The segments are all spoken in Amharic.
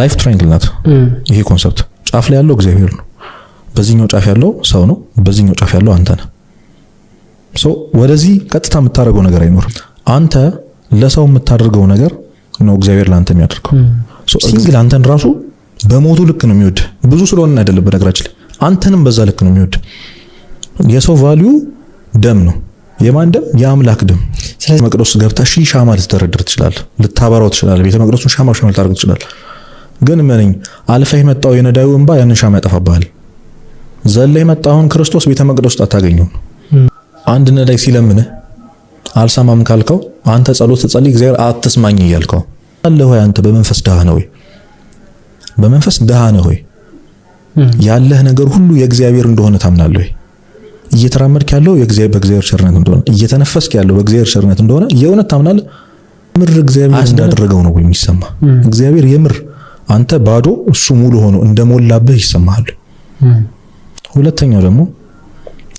ላይፍ ትራያንግል ናት። ይሄ ኮንሰፕት ጫፍ ላይ ያለው እግዚአብሔር ነው። በዚህኛው ጫፍ ያለው ሰው ነው። በዚህኛው ጫፍ ያለው አንተ ነህ። ሶ ወደዚህ ቀጥታ የምታደርገው ነገር አይኖርም። አንተ ለሰው የምታደርገው ነገር ነው እግዚአብሔር ለአንተ የሚያደርገው። ሲንግል አንተን ራሱ በሞቱ ልክ ነው የሚወድ። ብዙ ስለሆነ አይደለም በነገራችን ላይ አንተንም በዛ ልክ ነው የሚወድ። የሰው ቫሊዩ ደም ነው። የማን ደም? የአምላክ ደም። ስለዚህ መቅደስ ገብታ ሺ ሻማ ልትደረድር ትችላለህ፣ ልታበራው ትችላለህ። ቤተ መቅደሱን ሻማ ሻማ ልታደርግ ትችላለህ። ግን እመነኝ፣ አልፈህ የመጣው የነዳዩ እንባ ያንን ሻማ ያጠፋብሃል። ዘለህ የመጣውን ክርስቶስ ቤተ መቅደስ ውስጥ አታገኘውም። አንድ ነዳይ ሲለምንህ አልሰማም ካልከው አንተ ጸሎት ስትጸልይ እግዚአብሔር አትስማኝ እያልከው አለ ሆይ አንተ በመንፈስ ድሃ ነህ ወይ? በመንፈስ ድሃ ነህ ወይ? ያለህ ነገር ሁሉ የእግዚአብሔር እንደሆነ ታምናለህ ወይ? እየተራመድክ ያለው በእግዚአብሔር ቸርነት እንደሆነ፣ እየተነፈስክ ያለው በእግዚአብሔር ቸርነት እንደሆነ የእውነት ታምናለህ? ምር እግዚአብሔር እንዳደረገው ነው የሚሰማ እግዚአብሔር የምር አንተ ባዶ እሱ ሙሉ ሆኖ እንደሞላብህ ይሰማሃል። ሁለተኛው ደግሞ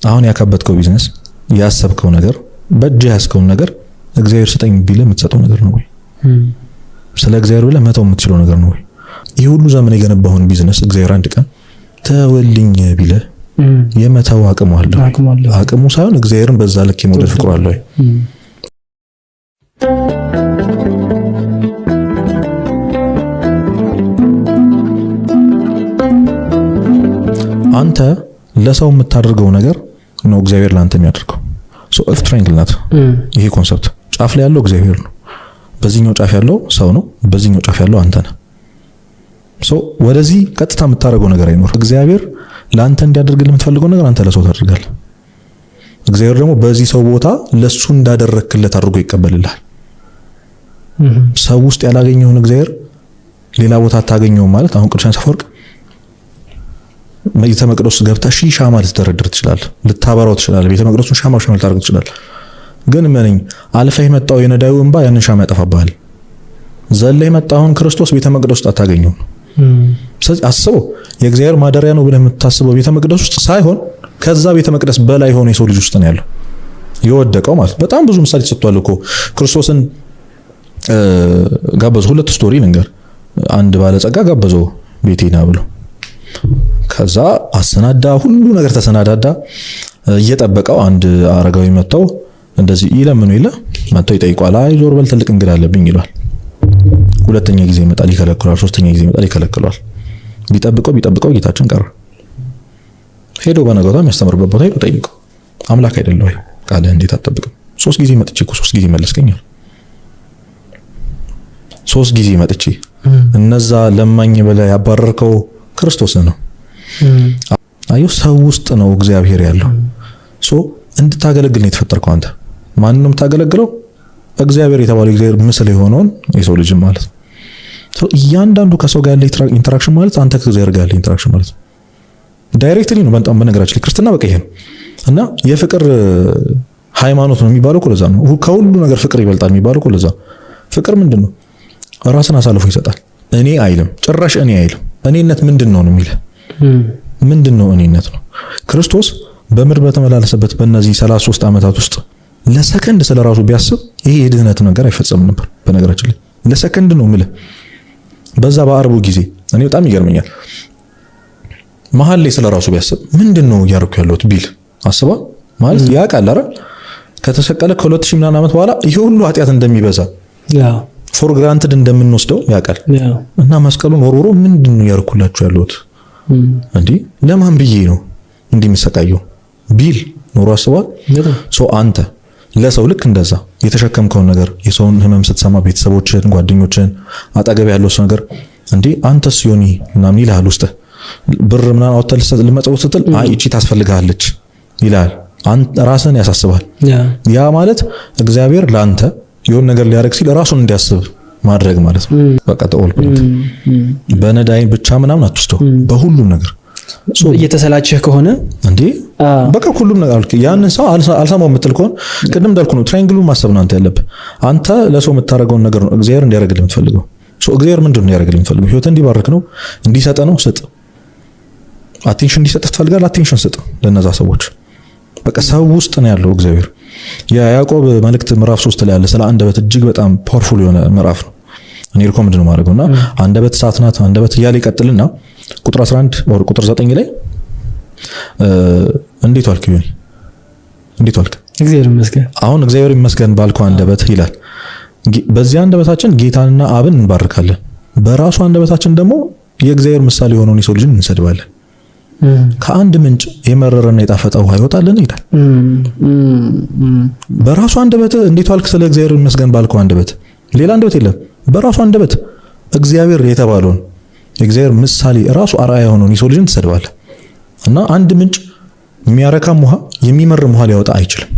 አሁን ያካበትከው ቢዝነስ፣ ያሰብከው ነገር፣ በእጅ ያስከውን ነገር እግዚአብሔር ስጠኝ ቢልህ የምትሰጠው ነገር ነው ወይ? ስለ እግዚአብሔር ብለህ መተው የምትችለው ነገር ነው ወይ? ይህ ሁሉ ዘመን የገነባሁን ቢዝነስ እግዚአብሔር አንድ ቀን ተወልኝ ቢለ የመተው አቅሙ አለ? አቅሙ ሳይሆን እግዚአብሔርን በዛ ልክ የመውደድ ፍቅሩ አለ ወይ? አንተ ለሰው የምታደርገው ነገር ነው እግዚአብሔር ለአንተ የሚያደርገው። እፍ ትራይንግል ናት ይሄ ኮንሰፕት። ጫፍ ላይ ያለው እግዚአብሔር ነው፣ በዚህኛው ጫፍ ያለው ሰው ነው፣ በዚህኛው ጫፍ ያለው አንተ ነህ። ወደዚህ ቀጥታ የምታደርገው ነገር አይኖርም። እግዚአብሔር ለአንተ እንዲያደርግልህ የምትፈልገው ነገር አንተ ለሰው ታደርጋለህ። እግዚአብሔር ደግሞ በዚህ ሰው ቦታ ለሱ እንዳደረክለት አድርጎ ይቀበልልሃል። ሰው ውስጥ ያላገኘውን እግዚአብሔር ሌላ ቦታ አታገኘውም ማለት አሁን ቅዱሳን ሰፈወርቅ ቤተ መቅደስ ገብታ ሺ ሻማ ልትደረድር ትችላል፣ ልታበራው ትችላል። ቤተ መቅደሱን ሻማ ሻማ ልታደርግ ትችላል። ግን ምንኝ አልፈ የመጣው የነዳዩ እንባ ያንን ሻማ ያጠፋብሃል። ዘለ የመጣውን ክርስቶስ ቤተ መቅደስ ውስጥ አታገኘውም። ስለዚህ አስበው፣ የእግዚአብሔር ማደሪያ ነው ብለህ የምታስበው ቤተ መቅደስ ውስጥ ሳይሆን ከዛ ቤተ መቅደስ በላይ የሆነ የሰው ልጅ ውስጥ ነው ያለው የወደቀው ማለት። በጣም ብዙ ምሳሌ ተሰጥቷል እኮ ክርስቶስን ጋበዘው። ሁለት ስቶሪ ልንገር። አንድ ባለጸጋ ጋበዘው ቤቴና ብሎ ከዛ አሰናዳ፣ ሁሉ ነገር ተሰናዳዳ። እየጠበቀው አንድ አረጋዊ መጥተው እንደዚህ ይለምኑ ይለ መጥተው ይጠይቋል። አይ ዞር በል ትልቅ እንግዳ አለብኝ ይሏል። ሁለተኛ ጊዜ ይመጣል ይከለክሏል። ሶስተኛ ጊዜ ይመጣል ይከለክሏል። ቢጠብቀው ቢጠብቀው ጌታችን ቀረ። ሄዶ በነገቷ የሚያስተምርበት ቦታ ሄዶ ጠይቀው አምላክ አይደለ ወይ ቃልህ እንዴት አጠብቅም ሶስት ጊዜ መጥቼ ሶስት ጊዜ መለስከኛል። ሶስት ጊዜ መጥቼ እነዛ ለማኝ ብለህ ያባረርከው ክርስቶስ ነው። አዩ ሰው ውስጥ ነው እግዚአብሔር ያለው። እንድታገለግል ነው የተፈጠርከው አንተ። ማንን ነው የምታገለግለው? እግዚአብሔር የተባለው እግዚአብሔር ምስል የሆነውን የሰው ልጅ ማለት ነው። እያንዳንዱ ከሰው ጋር ያለ ኢንተራክሽን ማለት አንተ ከእግዚአብሔር ጋር ያለ ኢንተራክሽን ማለት ነው። ዳይሬክትሊ ነው። በጣም በነገራችን ላይ ክርስትና በቃ ይሄ ነው እና የፍቅር ሃይማኖት ነው የሚባለው እኮ ለዛ ነው። ከሁሉ ነገር ፍቅር ይበልጣል የሚባለው እኮ ለዛ ፍቅር ምንድን ነው? ራስን አሳልፎ ይሰጣል። እኔ አይልም ጭራሽ እኔ አይልም። እኔነት ምንድን ነው ነው ምንድን ነው እኔነት ነው? ክርስቶስ በምድር በተመላለሰበት በእነዚህ 33 ዓመታት ውስጥ ለሰከንድ ስለ ራሱ ቢያስብ ይሄ የድህነት ነገር አይፈጸምም ነበር። በነገራችን ላይ ለሰከንድ ነው ምልህ። በዛ በአርቡ ጊዜ እኔ በጣም ይገርመኛል። መሀል ላይ ስለ ራሱ ቢያስብ ምንድን ነው እያደረኩ ያለሁት ቢል አስባ ማለት ያ ቃል አረ ከተሰቀለ ከሁለት ሺህ ምናምን ዓመት በኋላ ይሄ ሁሉ ኃጢአት እንደሚበዛ ፎር ግራንትድ እንደምንወስደው ያውቃል። እና መስቀሉን ወርውሮ ምንድን ነው ያርኩላችሁ ያለሁት እንዲህ ለማን ብዬ ነው እንዲህ የምሰቃየው ቢል ኑሮ አስቧል። ሰው አንተ ለሰው ልክ እንደዛ የተሸከምከውን ነገር የሰውን ህመም ስትሰማ ቤተሰቦችን፣ ጓደኞችን፣ አጠገብ ያለው ሰው ነገር እንዲህ አንተ ሲዮኒ ምናምን ይልሃል። ውስጥ ብር ምናምን አውጥተህ ልመጸውት ስትል አይ እቺ ታስፈልግሃለች ይልሃል። ራስን ያሳስባል። ያ ማለት እግዚአብሔር ለአንተ የሆን ነገር ሊያደርግ ሲል ራሱን እንዲያስብ ማድረግ ማለት ነው። በቃ ተቆልኩኝ። በነዳይን ብቻ ምናምን አትስተው በሁሉም ነገር እየተሰላችህ ከሆነ እንዴ በቃ ሁሉም ነገር ያንን ሰው አልሰማው የምትል ከሆነ ቅድም እንዳልኩ ነው፣ ትራይንግሉ ማሰብ ነው አንተ ያለብ አንተ ለሰው የምታደርገውን ነገር ነው እግዚአብሔር እንዲያደርግልህ የምትፈልገው። እግዚአብሔር ምንድን ነው እንዲያደርግልህ የምትፈልገው? ህይወት እንዲባርክ ነው እንዲሰጠ ነው። ስጥ። አቴንሽን እንዲሰጥ ትፈልጋለህ፣ አቴንሽን ስጥ ለነዛ ሰዎች። በቃ ሰው ውስጥ ነው ያለው እግዚአብሔር። የያዕቆብ መልእክት ምዕራፍ ሶስት ላይ ያለ ስለ አንደበት እጅግ በጣም ፓወርፉል የሆነ ምዕራፍ ነው። እኔ ሪኮመንድ ነው ማድረገው እና አንደበት ሰዓት ናት አንደበት እያለ ይቀጥልና ቁጥር 11 ወር ቁጥር 9 ላይ እንዴት ዋልክ ቢሆን እንዴት ዋልክ እግዚአብሔር ይመስገን አሁን እግዚአብሔር ይመስገን ባልኩ አንደበት ይላል። በዚህ አንደበታችን ጌታንና አብን እንባርካለን። በራሱ አንደበታችን ደግሞ የእግዚአብሔር ምሳሌ የሆነውን የሰው ልጅን እንሰድባለን። ከአንድ ምንጭ የመረረና የጣፈጠ ውሃ ይወጣልን ይላል። በራሱ አንደበት እንዴት ዋልክ ስለ እግዚአብሔር ይመስገን ባልኩ አንደበት ሌላ አንደበት የለም። በራሱ አንደበት እግዚአብሔር የተባለውን የእግዚአብሔር ምሳሌ ራሱ አርአያ የሆነውን የሰው ልጅን ትሰድባለህ እና አንድ ምንጭ የሚያረካም ውሃ የሚመርም ውሃ ሊያወጣ አይችልም።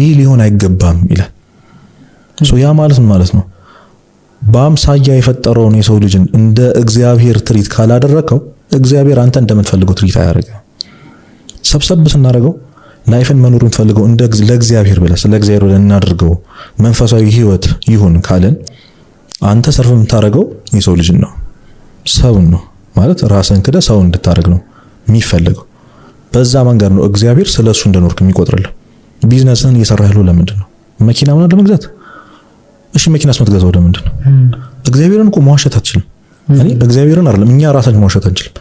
ይህ ሊሆን አይገባም ይላል። ያ ማለት ማለት ነው በአምሳያ የፈጠረውን የሰው ልጅን እንደ እግዚአብሔር ትሪት ካላደረከው እግዚአብሔር አንተ እንደምትፈልገው ትሪት አያደርግም። ሰብሰብ ስናደርገው ላይፍን መኖር የምትፈልገው ለእግዚአብሔር ብለህ ስለ እግዚአብሔር ብለህ እናድርገው መንፈሳዊ ህይወት ይሁን ካለን አንተ ሰርፍ የምታደርገው የሰው ልጅን ነው፣ ሰውን ነው ማለት ራስን ክደ ሰውን እንድታደርግ ነው የሚፈልገው። በዛ መንገድ ነው እግዚአብሔር ስለ እሱ እንደኖርክ የሚቆጥርልህ። ቢዝነስን እየሰራ ያለው ለምንድን ነው? መኪና ምናምን ለመግዛት እሺ፣ መኪናስ የምትገዛው ለምንድን ነው? እግዚአብሔርን እኮ መዋሸት አትችልም። እኔ እግዚአብሔርን አይደለም እኛ ራሳችን መዋሸት አንችልም።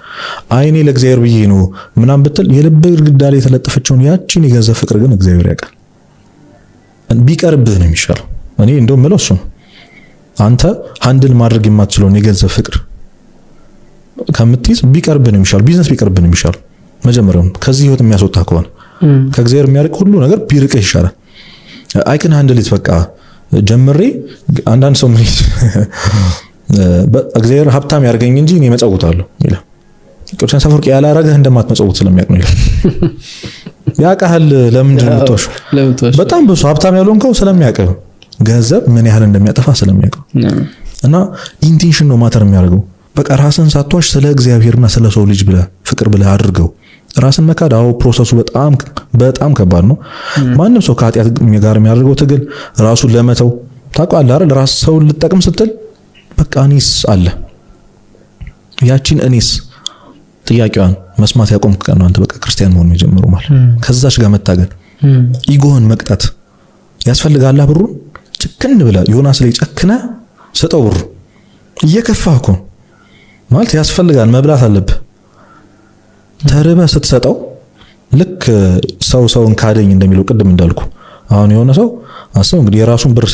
አይኔ ለእግዚአብሔር ብዬ ነው ምናምን ብትል የልብ ግድግዳ ላይ የተለጠፈችውን ያቺን የገንዘብ ፍቅር ግን እግዚአብሔር ያውቃል። ቢቀርብህ ነው የሚሻለው። እኔ እንደውም ምለው እሱ ነው። አንተ ሀንድል ማድረግ የማትችለውን የገንዘብ ፍቅር ከምትይዝ ቢቀርብን የሚሻል፣ ቢዝነስ ቢቀርብን የሚሻል። መጀመሪያውን ከዚህ ህይወት የሚያስወጣ ከሆነ ከእግዚአብሔር የሚያርቅ ሁሉ ነገር ቢርቅህ ይሻላል። አይክን ሀንድል በቃ ጀምሬ አንዳንድ ሰው እግዚአብሔር ሀብታም ያደርገኝ እንጂ እኔ መጸውታለሁ ይላል። ቅዱሳን ሰፈር ያላረገህ እንደማትመጸውት ስለሚያውቅ ነው ይላል። ያውቃል። ለምንድን ነው የምትወሺው? በጣም ብዙ ሀብታም ያልሆንከው ነው። ገንዘብ ምን ያህል እንደሚያጠፋ ስለሚያውቀ እና ኢንቴንሽን ነው ማተር የሚያደርገው። በቃ ራስን ሳቷሽ ስለ እግዚአብሔርና ስለ ሰው ልጅ ብለ ፍቅር ብለ አድርገው። ራስን መካድ አዎ፣ ፕሮሰሱ በጣም በጣም ከባድ ነው። ማንም ሰው ከኃጢአት ጋር የሚያደርገው ትግል ራሱን ለመተው ታውቃለህ አይደል? ራስ ሰውን ልጠቅም ስትል በቃ እኔስ አለ ያቺን እኔስ ጥያቄዋን መስማት ያቆምክ ቀን ነው አንተ በቃ ክርስቲያን መሆን የጀመሩ ማለት ከዛች ጋር መታገል ኢጎህን መቅጣት ያስፈልጋላ ብሩን ጭክን ብለ ዮናስ ላይ ጨክነ ሰጠው ብሩ እየከፋህ እኮ ማለት ያስፈልጋል፣ መብላት አለብ ተርበ ስትሰጠው ልክ ሰው ሰውን ካደኝ እንደሚለው ቅድም እንዳልኩ አሁን የሆነ ሰው አስበው እንግዲህ የራሱን ብር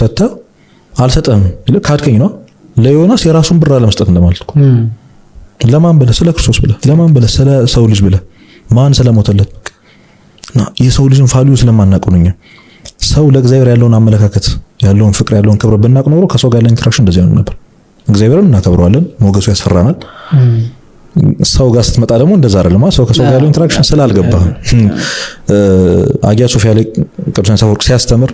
አልሰጠም ይል ካድከኝ ነው። ለዮናስ የራሱን ብር አለመስጠት እንደማለት እኮ። ለማን ብለህ ስለ ክርስቶስ ብለ ለማን ብለህ ስለ ሰው ልጅ ብለ ማን ስለሞተለት የሰው ልጅን ፋሉ ስለማናውቅ ነው ሰው ለእግዚአብሔር ያለውን አመለካከት ያለውን ፍቅር ያለውን ክብር ብናቅ ኖሮ ከሰው ጋር ያለ ኢንተራክሽን እንደዚህ ሆኑ ነበር። እግዚአብሔርን እናከብረዋለን፣ ሞገሱ ያስፈራናል። ሰው ጋር ስትመጣ ደግሞ እንደዛ አይደለም። ሰው ከሰው ጋር ያለው ኢንተራክሽን ስላልገባ አጊያ ሶፊያ ላይ ቅዱስ አፈወርቅ ሲያስተምር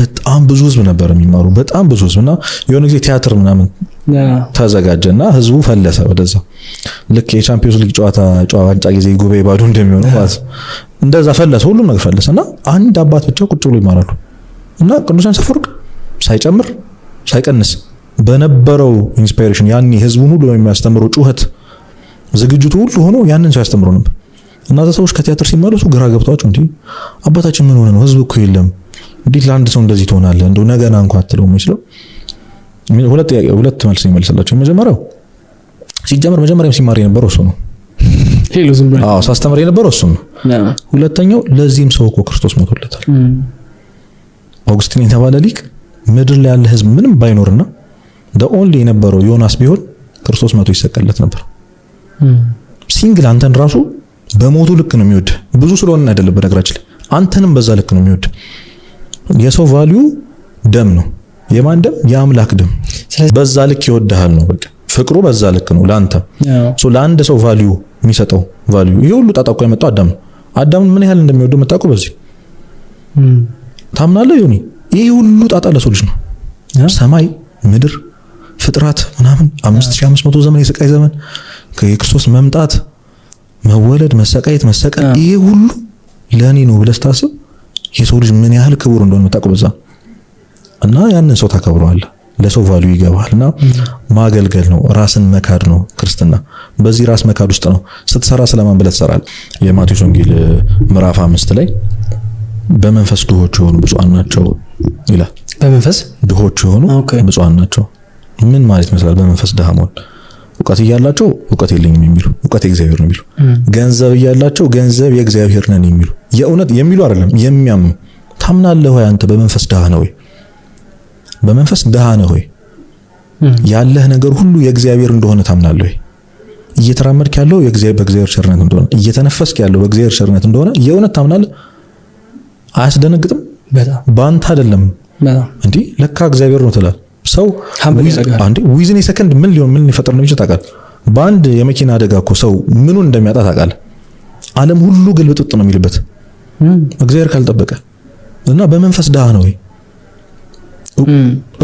በጣም ብዙ ህዝብ ነበር የሚማሩ በጣም ብዙ ህዝብ እና የሆነ ጊዜ ቲያትር ምናምን ተዘጋጀ እና ህዝቡ ፈለሰ ወደዛ። ልክ የቻምፒዮንስ ሊግ ጨዋታ ዋንጫ ጊዜ ጉባኤ ባዶ እንደሚሆነ እንደዛ ፈለሰ፣ ሁሉም ነገር ፈለሰ እና አንድ አባት ብቻ ቁጭ ብሎ ይማራሉ። እና ቅዱስ ዮሐንስ አፈወርቅ ሳይጨምር ሳይቀንስ በነበረው ኢንስፓይሬሽን ያኔ ህዝቡን ሁሉ የሚያስተምረው ጩኸት ዝግጅቱ ሁሉ ሆኖ ያንን ሰው ያስተምረው ነበር። እናዛ ሰዎች ከቲያትር ሲመለሱ ግራ ገብቷቸው እንዲህ አባታችን ምን ሆነ ነው ህዝብ እኮ የለም እንዴት ለአንድ ሰው እንደዚህ ትሆናለህ? እንደው ነገና እንኳ አትለው የሚችለው ሁለት ሁለት መልስ ይመልስላቸው። የመጀመሪያው ሲጀምር መጀመሪያም ሲማር የነበረው እሱ ነው። አዎ ሳስተምር የነበረው እሱ ነው። ሁለተኛው ለዚህም ሰው እኮ ክርስቶስ ሞቶለታል። አውግስቲን የተባለ ሊቅ ምድር ላይ ያለ ህዝብ ምንም ባይኖርና ኦንሊ የነበረው ዮናስ ቢሆን ክርስቶስ መቶ ይሰቀለት ነበር። ሲንግል አንተን ራሱ በሞቱ ልክ ነው የሚወድ ብዙ ስለሆነ አይደለም። በነገራችን አንተንም በዛ ልክ ነው የሚወድ። የሰው ቫልዩ ደም ነው። የማን ደም? የአምላክ ደም። በዛ ልክ ይወድሃል ነው በቃ ፍቅሩ በዛ ልክ ነው ለአንተ። ሶ ለአንድ ሰው ቫልዩ የሚሰጠው ቫልዩ ይሄ ሁሉ ጣጣ እኮ የመጣው አዳም ነው። አዳምን ምን ያህል እንደሚወዱ መጣቁ በዚህ ታምናለህ ዮኒ? ይሄ ሁሉ ጣጣ ለሰው ልጅ ነው። ሰማይ ምድር፣ ፍጥረት ምናምን 5500 ዘመን የስቃይ ዘመን የክርስቶስ መምጣት፣ መወለድ፣ መሰቃየት፣ መሰቀል ይሄ ሁሉ ለእኔ ነው ብለህ ስታስብ የሰው ልጅ ምን ያህል ክቡር እንደሆነ የምታውቀው በዛ እና ያንን ሰው ታከብረዋለህ። ለሰው ቫሉ ይገባል እና ማገልገል ነው፣ ራስን መካድ ነው ክርስትና። በዚህ ራስ መካድ ውስጥ ነው ስትሰራ ስለማን ብለህ ትሰራለህ? የማቴዎስ ወንጌል ምዕራፍ አምስት ላይ በመንፈስ ድሆች የሆኑ ብፁዓን ናቸው ይላል። በመንፈስ ድሆች የሆኑ ብፁዓን ናቸው ምን ማለት ይመስላል? በመንፈስ ድሃ መሆን እውቀት እያላቸው እውቀት የለኝም የሚሉ እውቀት የእግዚአብሔር ነው የሚሉ፣ ገንዘብ እያላቸው ገንዘብ የእግዚአብሔር ነን የሚሉ የእውነት የሚሉ አይደለም የሚያምኑ። ታምናለህ ወይ አንተ? በመንፈስ ድሃ ነህ ወይ? በመንፈስ ድሃ ነህ ወይ? ያለህ ነገር ሁሉ የእግዚአብሔር እንደሆነ ታምናለህ ወይ? እየተራመድክ ያለው በእግዚአብሔር ቸርነት እንደሆነ፣ እየተነፈስክ ያለው በእግዚአብሔር ቸርነት እንደሆነ የእውነት ታምናለህ? አያስደነግጥም? በአንተ አይደለም እንዲህ ለካ እግዚአብሔር ነው ትላል። ሰው ዊዝን የሰከንድ ምን ሊሆን ምን ሊፈጠር እንደሚችል ታውቃለህ። በአንድ የመኪና አደጋ እኮ ሰው ምኑን እንደሚያጣ ታውቃለህ። ዓለም ሁሉ ግልብጥጥ ነው የሚልበት እግዚአብሔር ካልጠበቀ እና በመንፈስ ድሃ ነው ወይ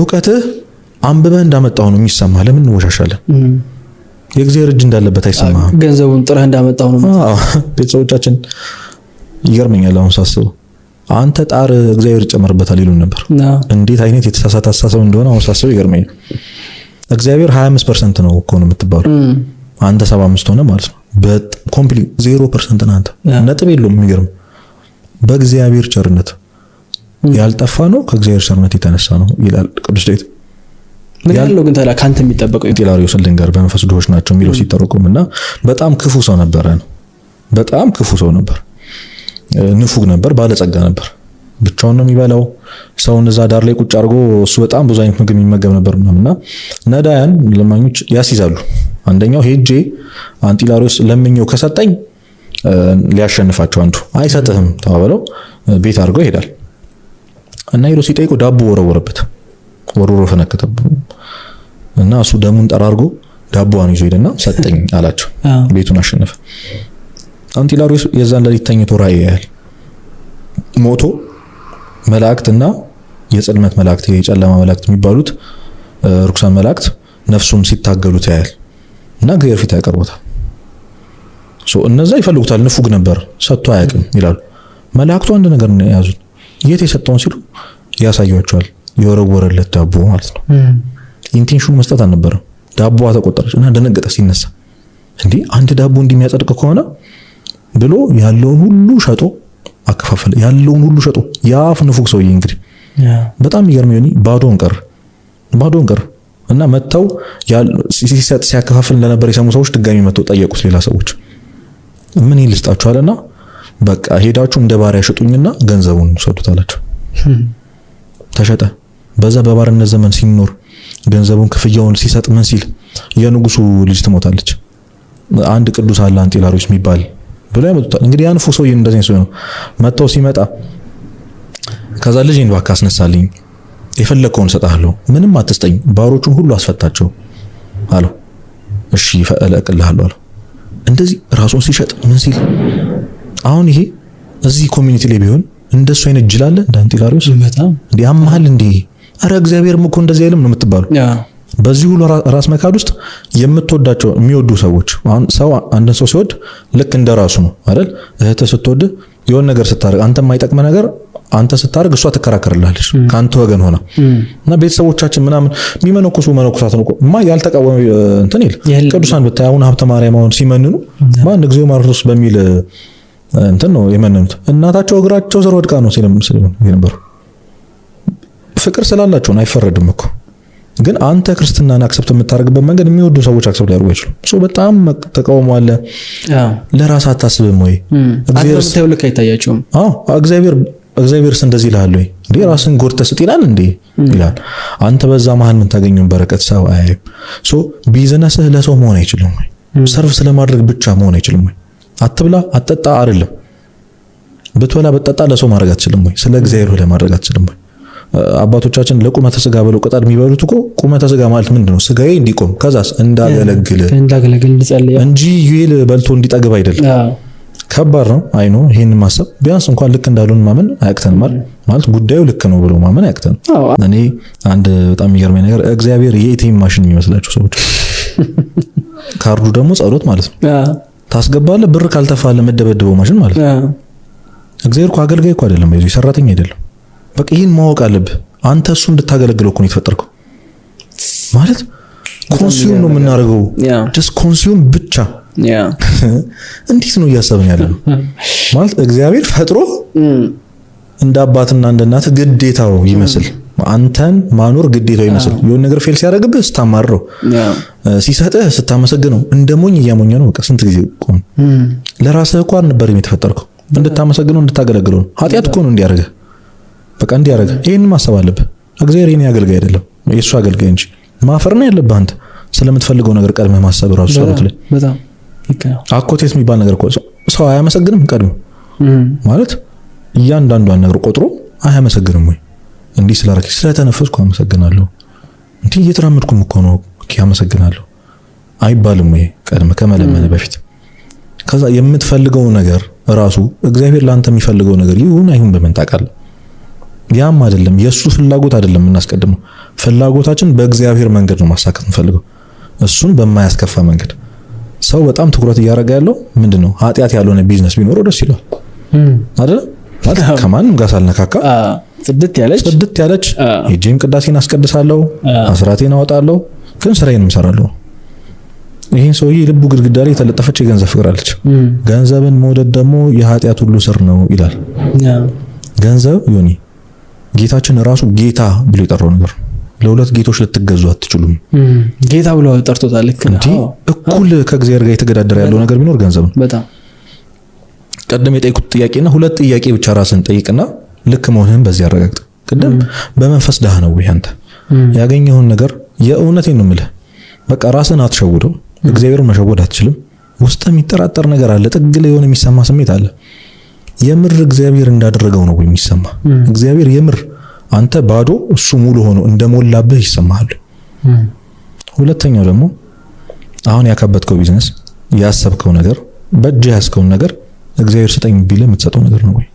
እውቀትህ አንብበህ እንዳመጣው ነው የሚሰማ። ለምን እንወሻሻለን? የእግዚአብሔር እጅ እንዳለበት አይሰማህም። ገንዘቡን ጥረህ እንዳመጣው ነው። ቤተሰቦቻችን ይገርመኛል አሁን ሳስበው አንተ ጣር እግዚአብሔር ይጨመርበታል ይሉን ነበር። እንዴት አይነት የተሳሳተ አሳሰብ እንደሆነ አሁን ሳስበው ይገርመኛል። እግዚአብሔር 25 ፐርሰንት ነው እኮ ነው የምትባለው፣ አንተ 75 ሆነ ማለት ነው። ኮምፕሊት ዜሮ ፐርሰንት ነህ አንተ፣ ነጥብ የለውም። የሚገርም በእግዚአብሔር ቸርነት ያልጠፋ ነው፣ ከእግዚአብሔር ቸርነት የተነሳ ነው ይላል ቅዱስ ዳዊት። ያለው ግን ታዲያ ከአንተ የሚጠበቀው ጢላሪዎስን ልንገር በመንፈስ ድሆች ናቸው የሚለው ሲተረቁም እና በጣም ክፉ ሰው ነበረ ነው። በጣም ክፉ ሰው ነበር ንፉግ ነበር፣ ባለጸጋ ነበር። ብቻውን ነው የሚበላው። ሰውን እዛ ዳር ላይ ቁጭ አድርጎ እሱ በጣም ብዙ አይነት ምግብ የሚመገብ ነበር ምናምንና ነዳያን ለማኞች ያስይዛሉ። አንደኛው ሄጄ አንጢላሪዎስ ለምኘው ከሰጠኝ ሊያሸንፋቸው አንዱ አይሰጥህም ተባብለው ቤት አድርገው ይሄዳል እና ሄዶ ሲጠይቁ ዳቦ ወረወረበት፣ ወርውሮ ፈነከተበት እና እሱ ደሙን ጠራርጎ ዳቦዋን ይዞ ሄደና ሰጠኝ አላቸው። ቤቱን አሸነፈ። አንቲላሪዮስ የዛን ለሊት ተኝቶ ራእይ ያያል። ሞቶ መላእክትና የጽልመት መላእክት የጨለማ መላእክት የሚባሉት ርኩሳን መላእክት ነፍሱን ሲታገሉት ያያል እና እግዚአብሔር ፊት ያቀርቦታል። እነዛ ይፈልጉታል። ንፉግ ነበር ሰጥቶ አያውቅም ይላሉ። መላእክቱ አንድ ነገር ነው የያዙት። የት የሰጠውን ሲሉ ያሳያቸዋል። የወረወረለት ዳቦ ማለት ነው። ኢንቴንሽኑ መስጠት አልነበረም። ዳቦዋ ተቆጠረች እና ደነገጠ። ሲነሳ እንዲህ አንድ ዳቦ እንዲህ ከሆነ ብሎ ያለውን ሁሉ ሸጦ አከፋፈለ። ያለውን ሁሉ ሸጦ የአፍ ንፉግ ሰውዬ እንግዲህ በጣም የሚገርም ይሆን ባዶን ቀር ባዶን ቀር እና መጥተው ሲሰጥ ሲያከፋፍል እንደነበር የሰሙ ሰዎች ድጋሚ መጥተው ጠየቁት። ሌላ ሰዎች ምን ልስጣችሁ አለና በቃ ሄዳችሁ እንደ ባሪያ ሽጡኝና ገንዘቡን ሰጡት አላቸው። ተሸጠ። በዛ በባርነት ዘመን ሲኖር ገንዘቡን ክፍያውን ሲሰጥ ምን ሲል የንጉሱ ልጅ ትሞታለች። አንድ ቅዱስ አለ አንጢላሮስ የሚባል ብሎ ያመጡታል። እንግዲህ ያንፉ ፉ ሰውዬ እንደዚህ ሰው ነው መጣው ሲመጣ ከዛ ልጅ ልጄን እባክህ አስነሳልኝ፣ የፈለከውን ሰጣለሁ፣ ምንም አትስጠኝ፣ ባሮቹን ሁሉ አስፈታቸው አለው። እሺ እለቅልሃለሁ አለው። እንደዚህ ራሱን ሲሸጥ ምን ሲል አሁን ይሄ እዚህ ኮሚኒቲ ላይ ቢሆን እንደሱ አይነት ጅላለ ዳንቲላሪዮስ በጣም ያምሃል እንዴ? አረ እግዚአብሔርም እኮ እንደዚህ አይልም ነው የምትባለው። በዚህ ሁሉ ራስ መካድ ውስጥ የምትወዳቸው የሚወዱ ሰዎች አሁን ሰው አንድን ሰው ሲወድ ልክ እንደ ራሱ ነው አይደል? እህትህ ስትወድ የሆነ ነገር ስታደርግ አንተ የማይጠቅመ ነገር አንተ ስታደርግ እሷ ትከራከርላለች ከአንተ ወገን ሆና እና ቤተሰቦቻችን ምናምን የሚመነኩሱ መነኩሳት ነው ማ ያልተቃወመ እንትን ይል ቅዱሳን ብታይ አሁን ሀብተ ማርያም አሁን ሲመንኑ ማን ጊዜው ማርቶስ በሚል እንትን ነው የመነኑት። እናታቸው እግራቸው ስር ወድቃ ነው ሲነበሩ ፍቅር ስላላቸውን አይፈረድም እኮ ግን አንተ ክርስትናን አክሰብት የምታደርግበት መንገድ የሚወዱ ሰዎች አክሰብት ሊያደርጉ አይችሉም። በጣም ተቃውሞ አለ። ለራስ አታስብም ወይ? ልክ አይታያቸውም። እግዚአብሔር እግዚአብሔርስ እንደዚህ ይልሃል ወይ እንዴ? ራስን ጎድተህ ስጥ ይላል እንዴ? ይላል። አንተ በዛ መሀል የምታገኘውን በረከት ሰው አያይም። ቢዝነስህ ለሰው መሆን አይችልም ወይ? ሰርፍ ስለማድረግ ብቻ መሆን አይችልም ወይ? አትብላ አትጠጣ አይደለም። ብትበላ ብትጠጣ ለሰው ማድረግ አትችልም ወይ? ስለ እግዚአብሔር ለማድረግ አትችልም ወይ? አባቶቻችን ለቁመተ ስጋ ብለው ቅጠል የሚበሉት እኮ ቁመተ ስጋ ማለት ምንድን ነው? ስጋዬ እንዲቆም ከዛስ እንዳገለግል እንጂ ዩል በልቶ እንዲጠግብ አይደለም። ከባድ ነው አይኖ ይህን ማሰብ ቢያንስ እንኳን ልክ እንዳሉን ማመን አያቅተንም። ማለት ጉዳዩ ልክ ነው ብሎ ማመን አያቅተንም። እኔ አንድ በጣም የሚገርመኝ ነገር እግዚአብሔር የኤቲኤም ማሽን የሚመስላቸው ሰዎች፣ ካርዱ ደግሞ ጸሎት ማለት ነው። ታስገባለህ፣ ብር ካልተፋለ መደበድበው ማሽን ማለት ነው። እግዚአብሔር እኮ አገልጋይ እኮ አይደለም፣ ሰራተኛ አይደለም። በቃ ይህን ማወቅ አለብህ። አንተ እሱ እንድታገለግለው እኮ ነው የተፈጠርከው። ማለት ኮንሱም ነው የምናደርገው፣ ጀስት ኮንሱም ብቻ። እንዴት ነው እያሰብን ያለ ነው ማለት እግዚአብሔር ፈጥሮ እንደ አባትና እንደ እናት ግዴታው ይመስል አንተን ማኖር ግዴታው ይመስል የሆነ ነገር ፌል ሲያደርግብህ ስታማርረው፣ ሲሰጥህ ስታመሰግነው እንደ ሞኝ እያሞኘ ነው። በቃ ስንት ጊዜ ቆም ለራስህ እኮ አልነበረም የተፈጠርከው፣ እንድታመሰግነው እንድታገለግለው ነው። ኃጢአት እኮ ነው እንዲያደርገህ በቃ እንዲህ ይሄን ይህን ማሰብ አለብህ። እግዚአብሔር የኔ አገልጋይ አይደለም የእሱ አገልጋይ እንጂ ማፈር ነው ያለብህ አንተ ስለምትፈልገው ነገር ቀድመህ ማሰብ ራሱ ጸሎት ላይ አኮቴት የሚባል ነገር ሰው አያመሰግንም ቀድሞ ማለት እያንዳንዷን ነገር ቆጥሮ አያመሰግንም ወይ እንዲህ ስላደረግሽ ስለተነፈስኩ አመሰግናለሁ እንዲህ እየተራመድኩም እኮ ነው አመሰግናለሁ አይባልም ወይ ቀድመህ ከመለመን በፊት ከዛ የምትፈልገው ነገር ራሱ እግዚአብሔር ለአንተ የሚፈልገው ነገር ይሁን አይሁን በምን ታውቃለህ ያም አይደለም የእሱ ፍላጎት አይደለም የምናስቀድመው። ፍላጎታችን በእግዚአብሔር መንገድ ነው ማሳካት እንፈልገው፣ እሱን በማያስከፋ መንገድ። ሰው በጣም ትኩረት እያደረገ ያለው ምንድን ነው? ኃጢአት ያልሆነ ቢዝነስ ቢኖረው ደስ ይለዋል አይደለም? ከማንም ጋር ሳልነካካ ጽድት ያለች ጽድት ያለች የጄም ቅዳሴን አስቀድሳለሁ፣ አስራቴን አወጣለሁ፣ ግን ስራዬን እሰራለሁ። ይህን ሰውዬ ልቡ ግድግዳ ላይ የተለጠፈች የገንዘብ ፍቅር አለች። ገንዘብን መውደድ ደግሞ የኃጢአት ሁሉ ስር ነው ይላል ገንዘብ ዮኒ ጌታችን ራሱ ጌታ ብሎ የጠራው ነገር ለሁለት ጌቶች ልትገዙ አትችሉም። ጌታ ብሎ ጠርቶታል። እኩል ከእግዚአብሔር ጋር የተገዳደረ ያለው ነገር ቢኖር ገንዘብ ነው። በጣም ቀደም የጠየቁት ጥያቄና ሁለት ጥያቄ ብቻ ራስን ጠይቅና ልክ መሆንህን በዚህ አረጋግጥ። ቅድም በመንፈስ ድሃ ነው አንተ? ያገኘውን ነገር የእውነቴን ነው የምልህ። በቃ ራስን አትሸውደው። እግዚአብሔርን መሸወድ አትችልም። ውስጥ የሚጠራጠር ነገር አለ። ጥግ ላይ የሆነ የሚሰማ ስሜት አለ። የምር እግዚአብሔር እንዳደረገው ነው የሚሰማ። እግዚአብሔር የምር አንተ ባዶ እሱ ሙሉ ሆኖ እንደሞላብህ ይሰማሃል። ሁለተኛው ደግሞ አሁን ያካበትከው ቢዝነስ፣ ያሰብከው ነገር፣ በእጅ ያስከውን ነገር እግዚአብሔር ስጠኝ ቢል የምትሰጠው ነገር ነው ወይ?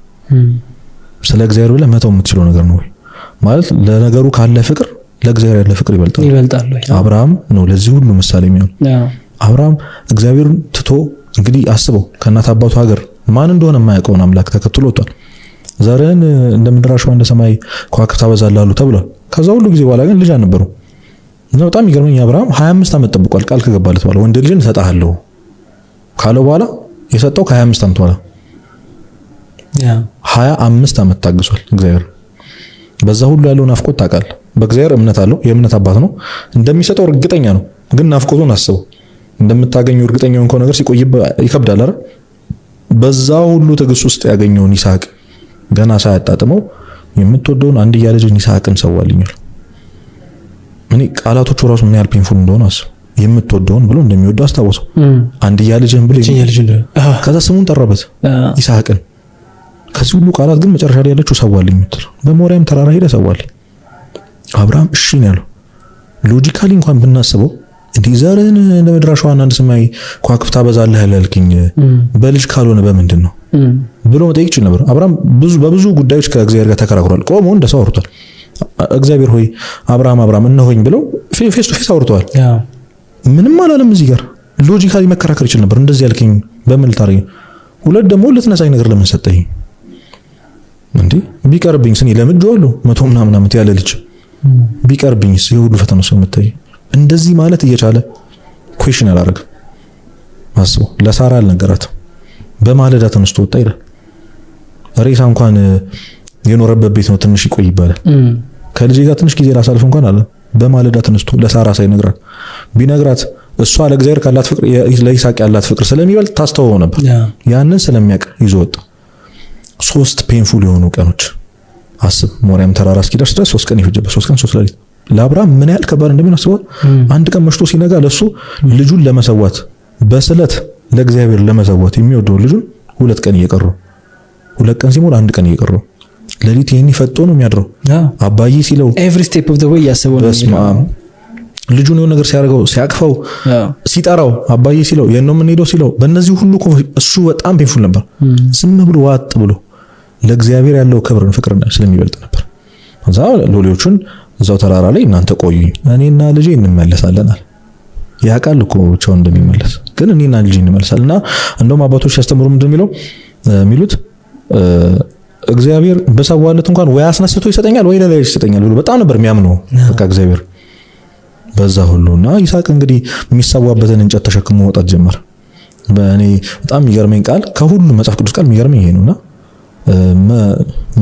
ስለ እግዚአብሔር ብለህ መተው የምትችለው ነገር ነው ወይ? ማለት ለነገሩ ካለ ፍቅር ለእግዚአብሔር ያለ ፍቅር ይበልጣል ይበልጣል። አብርሃም ነው ለዚህ ሁሉ ምሳሌ የሚሆን። አብርሃም እግዚአብሔርን ትቶ እንግዲህ አስበው ከእናት አባቱ ሀገር ማን እንደሆነ የማያውቀውን አምላክ ተከትሎ ወጥቷል። ዘርህን እንደ ምድር አሸዋ እንደ ሰማይ ከዋክብት ታበዛለህ ተብሏል። ከዛ ሁሉ ጊዜ በኋላ ግን ልጅ አልነበረውም እና በጣም ይገርመኝ አብርሃም 25 ዓመት ጠብቋል። ቃል ከገባለት በኋላ ወንድ ልጅን እሰጥሃለሁ ካለው በኋላ የሰጠው ከ25 ዓመት በኋላ ሀያ አምስት ዓመት ታግሷል። እግዚአብሔር በዛ ሁሉ ያለው ናፍቆት ታውቃለህ። በእግዚአብሔር እምነት አለው። የእምነት አባት ነው። እንደሚሰጠው እርግጠኛ ነው። ግን ናፍቆቱን አስበው። እንደምታገኙ እርግጠኛ ከሆነ ነገር ሲቆይብህ ይከብዳል አረ በዛ ሁሉ ትዕግስት ውስጥ ያገኘውን ይስሐቅ ገና ሳያጣጥመው የምትወደውን አንድያ ልጅን ይስሐቅን ሰዋልኛል። እኔ ቃላቶቹ ራሱ ምን ያህል ፔንፉል እንደሆነ አስብ። የምትወደውን ብሎ እንደሚወደው አስታወሰው። አንድያ ልጅን ብሎ ከዛ ስሙን ጠራበት ይስሐቅን። ከዚህ ሁሉ ቃላት ግን መጨረሻ ላይ ያለችው ሰዋልኝ የምትለው በሞሪያም ተራራ ሄደ ሰዋልኝ። አብርሃም እሺ ነው ያለው። ሎጂካሊ እንኳን ብናስበው እንዲህ ዘርህን ለመድረሻው አንዳንድ ሰማይ ከዋክብት ታበዛለህ ላልከኝ በልጅ ካልሆነ በምንድን ነው ብሎ መጠየቅ ይችል ነበር። አብርሃም በብዙ ጉዳዮች ከእግዚአብሔር ጋር ተከራክሯል። ቆሞ እንደ ሰው አውርቷል። እግዚአብሔር ሆይ አብርሃም አብርሃም እነሆኝ ብለው ፌስ ቱ ፌስ አውርተዋል። ምንም አላለም። እዚህ ጋር ሎጂካሊ መከራከር ይችል ነበር። እንደዚህ ያልከኝ በምን ልታረኝ? ሁለት ደግሞ ልትነሳኝ ነገር ለምን ሰጠኝ? እንዴ ቢቀርብኝ ስኔ ለምጄዋለሁ መቶ ምናምን ዓመት ያለ ልጅ ቢቀርብኝስ የሁሉ ፈተና ሰው የምታይ እንደዚህ ማለት እየቻለ ኩዌሽን አላረግ አስቡ፣ ለሳራ አልነገራትም። በማለዳ ተነስቶ ወጣ ይላል። ሬሳ እንኳን የኖረበት ቤት ነው ትንሽ ይቆይ ይባላል። ከልጄ ጋር ትንሽ ጊዜ ላሳልፍ እንኳን አለ። በማለዳ ተነስቶ ለሳራ ሳይነግራት ቢነግራት እሷ ለእግዚአብሔር ካላት ፍቅር ለይስሐቅ ያላት ፍቅር ስለሚበልጥ ታስተውበው ነበር። ያንን ስለሚያውቅ ይዞ ወጣ። ሶስት ፔንፉል የሆኑ ቀኖች አስብ። ሞሪያም ተራራ እስኪደርስ ድረስ ሶስት ቀን ይፈጀበት፣ ሶስት ቀን ሶስት ሌሊት ለአብርሃም ምን ያህል ከባድ እንደሚሆን አስበዋል። አንድ ቀን መሽቶ ሲነጋ ለሱ ልጁን ለመሰዋት በስለት ለእግዚአብሔር ለመሰዋት የሚወደው ልጁን ሁለት ቀን እየቀሩ ሁለት ቀን ሲሞል አንድ ቀን እየቀረው ሌሊት ይህን ፈጦ ነው የሚያድረው። አባዬ ሲለው ኤቭሪ ስቴፕ ኦፍ ዘ ዌይ እያሰበው ነው። ልጁን የሆነ ነገር ሲያደርገው ሲያቅፈው ሲጠራው አባዬ ሲለው የት ነው የምንሄደው ሲለው በእነዚህ ሁሉ እሱ በጣም ፔንፉል ነበር። ዝም ብሎ ዋጥ ብሎ ለእግዚአብሔር ያለው ክብርን ፍቅርን ስለሚበልጥ ነበር ዛ ሎሌዎቹን እዛው ተራራ ላይ እናንተ ቆዩኝ፣ እኔና ልጄ እንመለሳለናል። ያ ቃል እኮ ብቻውን እንደሚመለስ ግን እኔና ልጄ እንመለሳል እና እንደውም አባቶች ያስተምሩ ምንድን የሚለው የሚሉት እግዚአብሔር በሰዋለት እንኳን ወይ አስነስቶ ይሰጠኛል ወይ ለላይ ይሰጠኛል ብሎ በጣም ነበር የሚያምነው። በቃ እግዚአብሔር በዛ ሁሉ እና ይስሐቅ እንግዲህ የሚሰዋበትን እንጨት ተሸክሞ መውጣት ጀመር። በእኔ በጣም የሚገርመኝ ቃል ከሁሉ መጽሐፍ ቅዱስ ቃል የሚገርመኝ ይሄ ነውና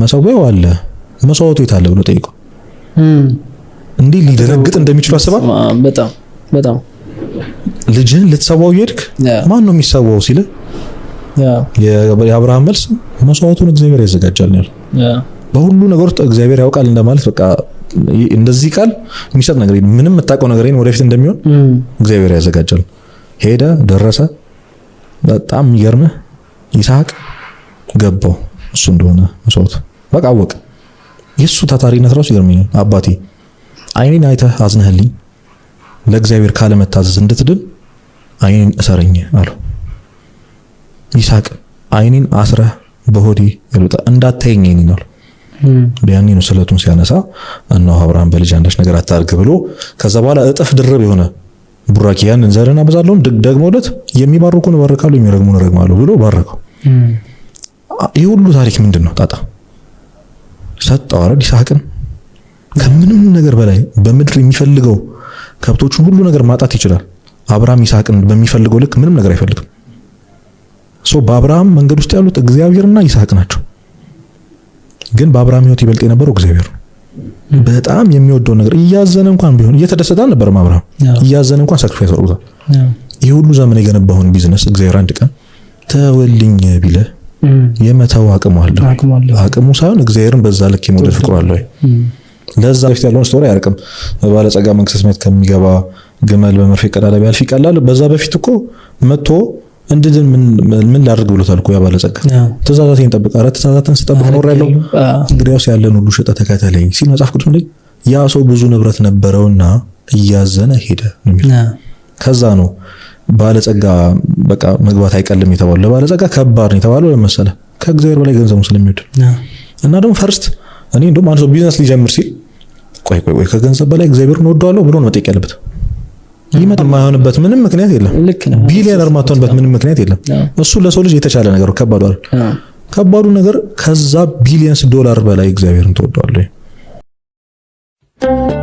መሰዊያው አለ መሰዋቱ የት አለ ብሎ ጠይቀው እንዲህ ሊደነግጥ እንደሚችሉ አስባል። በጣም በጣም ልጅህን ልትሰዋው እየሄድክ ማን ነው የሚሰዋው ሲል የአብርሃም መልስ መስዋዕቱን እግዚአብሔር ያዘጋጃል ነው። በሁሉ ነገር እግዚአብሔር ያውቃል እንደማለት በቃ እንደዚህ ቃል የሚሰጥ ነገር ምንም የምታውቀው ነገር ወደፊት እንደሚሆን እግዚአብሔር ያዘጋጃል። ሄደ ደረሰ። በጣም የሚገርምህ ይስሐቅ ገባው እሱ እንደሆነ መስዋዕት በቃ አወቀ። የእሱ ታታሪነት ራሱ ይገርመኛል። አባቴ አይኔን አይተህ አዝነህልኝ ለእግዚአብሔር ካለመታዘዝ እንድትድን አይኔን እሰረኝ አለው። ይስሐቅ አይኔን አስረህ በሆዴ ይሉጣ እንዳታየኝ አይኔን አለው። ያኔ ነው ስለቱን ሲያነሳ እነሆ አብርሃም በልጅ አንዳች ነገር አታርግ ብሎ ከዛ በኋላ እጥፍ ድርብ የሆነ ቡራኪ ያንን ዘርን አበዛለሁም ደግሞ ዕለት የሚባርኩን እባርካለሁ የሚረግሙን እረግማለሁ ብሎ ባረከው። ይህ ሁሉ ታሪክ ምንድን ነው ጣጣ ሰጠው አረድ ይስሐቅን ከምንም ነገር በላይ በምድር የሚፈልገው ከብቶቹን ሁሉ ነገር ማጣት ይችላል። አብርሃም ይስሐቅን በሚፈልገው ልክ ምንም ነገር አይፈልግም። ሶ በአብርሃም መንገድ ውስጥ ያሉት እግዚአብሔርና ይስሐቅ ናቸው። ግን በአብርሃም ሕይወት ይበልጥ የነበረው እግዚአብሔር በጣም የሚወደው ነገር እያዘነ እንኳን ቢሆን እየተደሰተ አልነበረም። አብርሃም እያዘነ እንኳን ሳክሪፋይስ አድርጓል። ይህ ሁሉ ዘመን የገነባውን ቢዝነስ እግዚአብሔር አንድ ቀን ተወልኝ ቢለህ የመተው አቅሙ አለ አቅሙ ሳይሆን እግዚአብሔርን በዛ ልክ የመውደድ ፍቅሩ ወይ ለዛ በፊት ያለውን ስቶሪ አያርቅም። ባለጸጋ መንግሥተ ሰማያት ከሚገባ ግመል በመርፌ ቀዳዳ ቢያልፍ ይቀላል። በዛ በፊት እኮ መጥቶ እንድድን ምን ላድርግ ብሎታል እኮ ያ ባለጸጋ። ትእዛዛትን ጠብቅ፣ ኧረ ትእዛዛትን ስጠብቅ ኖር ያለው እንግዲያውስ ያለን ሁሉ ሽጠህ ተከተለኝ ሲል መጽሐፍ ቅዱስ ላይ ያ ሰው ብዙ ንብረት ነበረውና እያዘነ ሄደ። ከዛ ነው ባለጸጋ በቃ መግባት አይቀልም የተባሉ ለባለጸጋ ከባድ ነው የተባለው ለመሰለ ከእግዚአብሔር በላይ ገንዘቡን ስለሚወድ እና ደግሞ ፈርስት እኔ እንደውም አንድ ሰው ቢዝነስ ሊጀምር ሲል ቆይ ቆይ ቆይ ከገንዘብ በላይ እግዚአብሔርን ወደዋለሁ ብሎ ነው መጠየቅ ያለበት። ይመጣ የማይሆንበት ምንም ምክንያት የለም። ቢሊዮነር ማትሆንበት ምንም ምክንያት የለም። እሱ ለሰው ልጅ የተቻለ ነገር ከባዱ አይደል? ከባዱ ነገር ከዛ ቢሊየንስ ዶላር በላይ እግዚአብሔርን ትወደዋለህ።